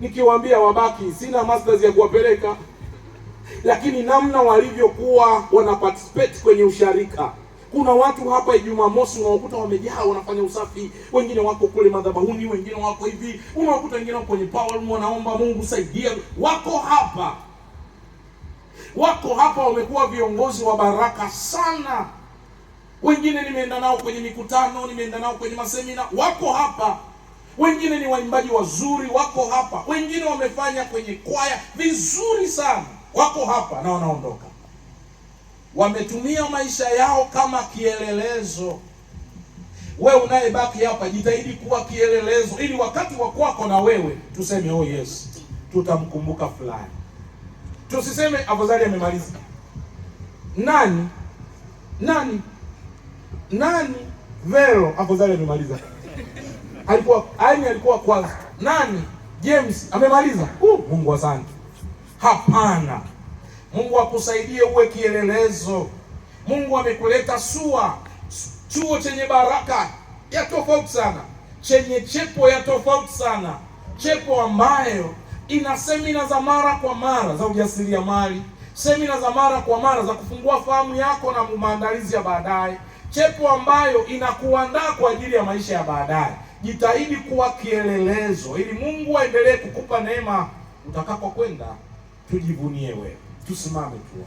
nikiwaambia wabaki, sina masters ya kuwapeleka, lakini namna walivyokuwa wana participate kwenye usharika. Kuna watu hapa Jumamosi unawakuta wamejaa wanafanya usafi, wengine wako kule madhabahuni, wengine wako hivi, unawakuta wengine wako kwenye power room wanaomba Mungu saidia. Wako hapa, wako hapa, wamekuwa viongozi wa baraka sana. Wengine nimeenda nao kwenye mikutano, nimeenda nao kwenye masemina, wako hapa wengine ni waimbaji wazuri, wako hapa, wengine wamefanya kwenye kwaya vizuri sana, wako hapa na wanaondoka. Wametumia maisha yao kama kielelezo. We unayebaki hapa, jitahidi kuwa kielelezo, ili wakati wa kwako na wewe tuseme oh yes, tutamkumbuka fulani. Tusiseme afadhali amemaliza. Nani nani nani, Vero, afadhali amemaliza alikuwa Ayini alikuwa kwanza, nani James amemaliza. Uh, Mungu asante. Hapana, Mungu akusaidie uwe kielelezo. Mungu amekuleta SUA, chuo chenye baraka ya tofauti sana, chenye chepo ya tofauti sana, chepo ambayo ina semina za mara kwa mara za ujasiriamali, semina za mara kwa mara za kufungua fahamu yako na maandalizi ya baadaye chepo ambayo inakuandaa kwa ajili ya maisha ya baadaye. Jitahidi kuwa kielelezo, ili Mungu aendelee kukupa neema utakapokwenda. Tujivunie wewe, tusimame tu.